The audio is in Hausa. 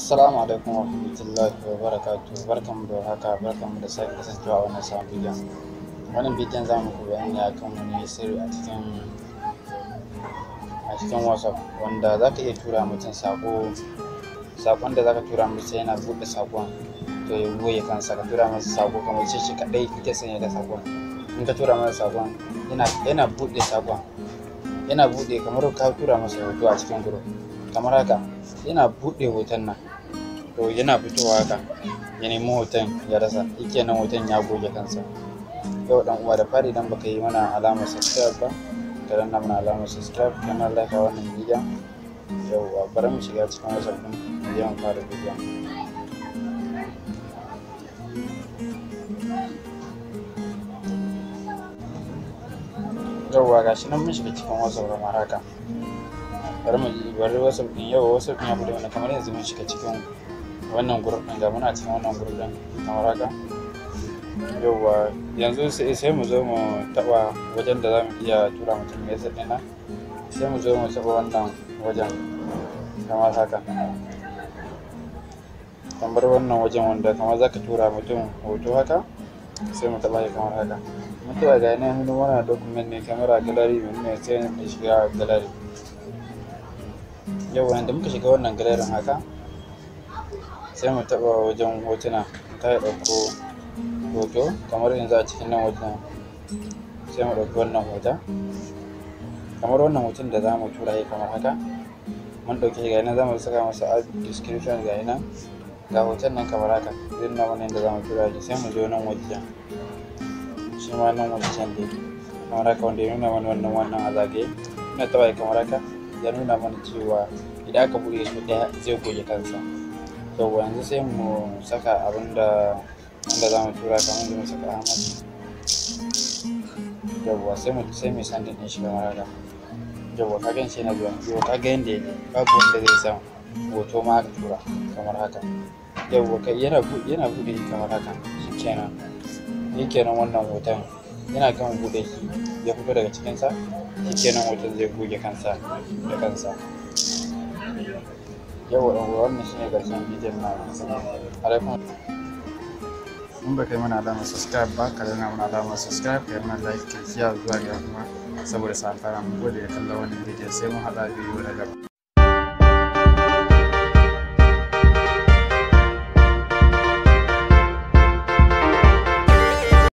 Assalamu alaikum wa rahmatullahi wa barakatuh barkan da haka barkan da sake kasancewa a wannan sabon bidiyon wannan bidiyon za mu bayani akan wani sirri a cikin a cikin whatsapp wanda za ka iya tura mutum sako sakon da za ka tura mutum yana buɗe sakon to ya goye kansa ka tura masa sako kamar ce shi kaɗai kake sanya da sakon in ka tura masa sakon yana yana buɗe sakon yana buɗe kamar ka tura masa hoto a cikin group kamar haka yana buɗe hoton nan to yana fitowa haka ya nemi hoton ya rasa yake nan hoton ya goge kansa yau dan uwa da fari idan baka yi mana alamar subscribe ba ka danna mana alamar subscribe kana like a wannan bidiyon yau bari mu shiga cikin wasan ɗin mu yauwa ga shi nan mun shiga cikin wasu kamar haka bari mu yi bari wasu din yau wasu din ya bude wani kamar yanzu mun shiga cikin wannan gurbin ga muna cikin wannan gurbin na kamar haka yauwa yanzu sai mu zo mu taba wajen da zamu iya tura mutum mai sai na sai mu zo mu taba wannan wajen kamar haka kamar wannan wajen wanda kamar zaka tura mutum hoto haka sai mu taba shi kamar haka mutuwa ga yanayin hannun wannan dokumen ne kamar a galari mai nuna sai muka shiga a galari yau da muka shiga wannan galarin haka sai mu taba wajen hotuna ta yi ɗauko hoto kamar yanzu a cikin nan wajen sai mu ɗauki wannan hoton kamar wannan hoton da za mu tura yi kamar haka mun ɗauki shi ga yanayin za mu saka masa a description ga nan ga hoton nan kamar haka zai nuna wani yanda za mu tura shi sai mu zo nan wajen shi ma nan wancan ne kamar haka wanda ya nuna mana wannan wannan a zagaye ina tawaye kamar haka ya nuna mana cewa idan aka buɗe su ɗaya zai goge kansa to yanzu sai mu saka abin da wanda za mu tura kamar da mu saka hamad yawwa sai mu sai mu sandin ɗin shi kamar haka yawwa ka gan shi na zuwa yawwa ka ga yanda yake babu wanda zai samu hoto ma aka tura kamar haka yawwa kai yana buɗe kamar haka shi kenan ni kenan wannan hoton yana kan buɗe shi ya fito daga cikinsa shi kenan hoton zai goge kansa da kansa yau da wannan shine ƙarshen bidiyon na alaikum in ba kai mana alamar subscribe ba ka dana mana alamar subscribe ka yi mana like ka kiya zuwa ga kuma saboda sa fara mu gode da kallon wannan bidiyon sai mun haɗa bidiyo na gaba